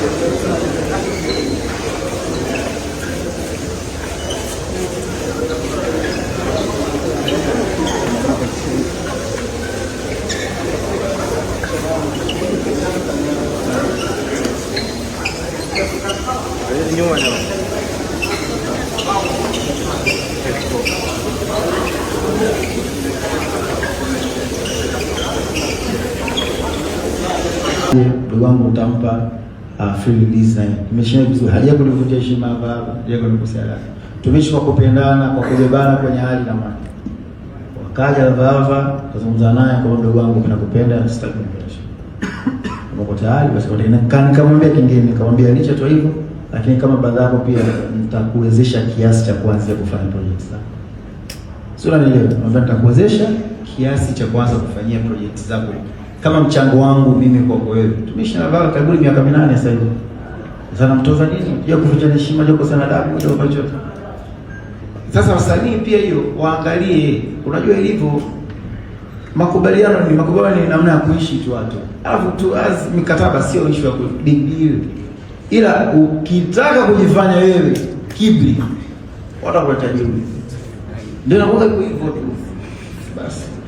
你怎么了？对，不用我担保。uh, film design imeshinda vizuri, hajako nivunja heshima hapa hapa, hajako nikosea lake. Tumishi kwa kupendana, kwa kujibana kwenye hali na mali. Wakaja baba kuzungumza naye kwa mdogo wangu, ninakupenda sitaki kunipelesha. Kwa tayari basi, nikamwambia kingine, nikamwambia licha tu hivyo, lakini kama baadhi yako pia nitakuwezesha kiasi cha kuanzia kufanya project zako. Sura niliyo, nitakuwezesha kiasi cha kuanza kufanyia project zako kama mchango wangu mimi kwa kwa wewe. Tumeishi na baba karibu miaka minane sasa hivi. Sasa namtoza nini? Je, kuficha heshima, yako sana damu, ndio kwa Sasa wasanii pia hiyo waangalie, unajua ilivyo makubaliano ni makubaliano ni namna ya kuishi tu watu. Alafu tu as mikataba sio issue ya big deal. Ila ukitaka kujifanya wewe kibri watakutajiri. Ndio nakuwa hivyo tu. Basi.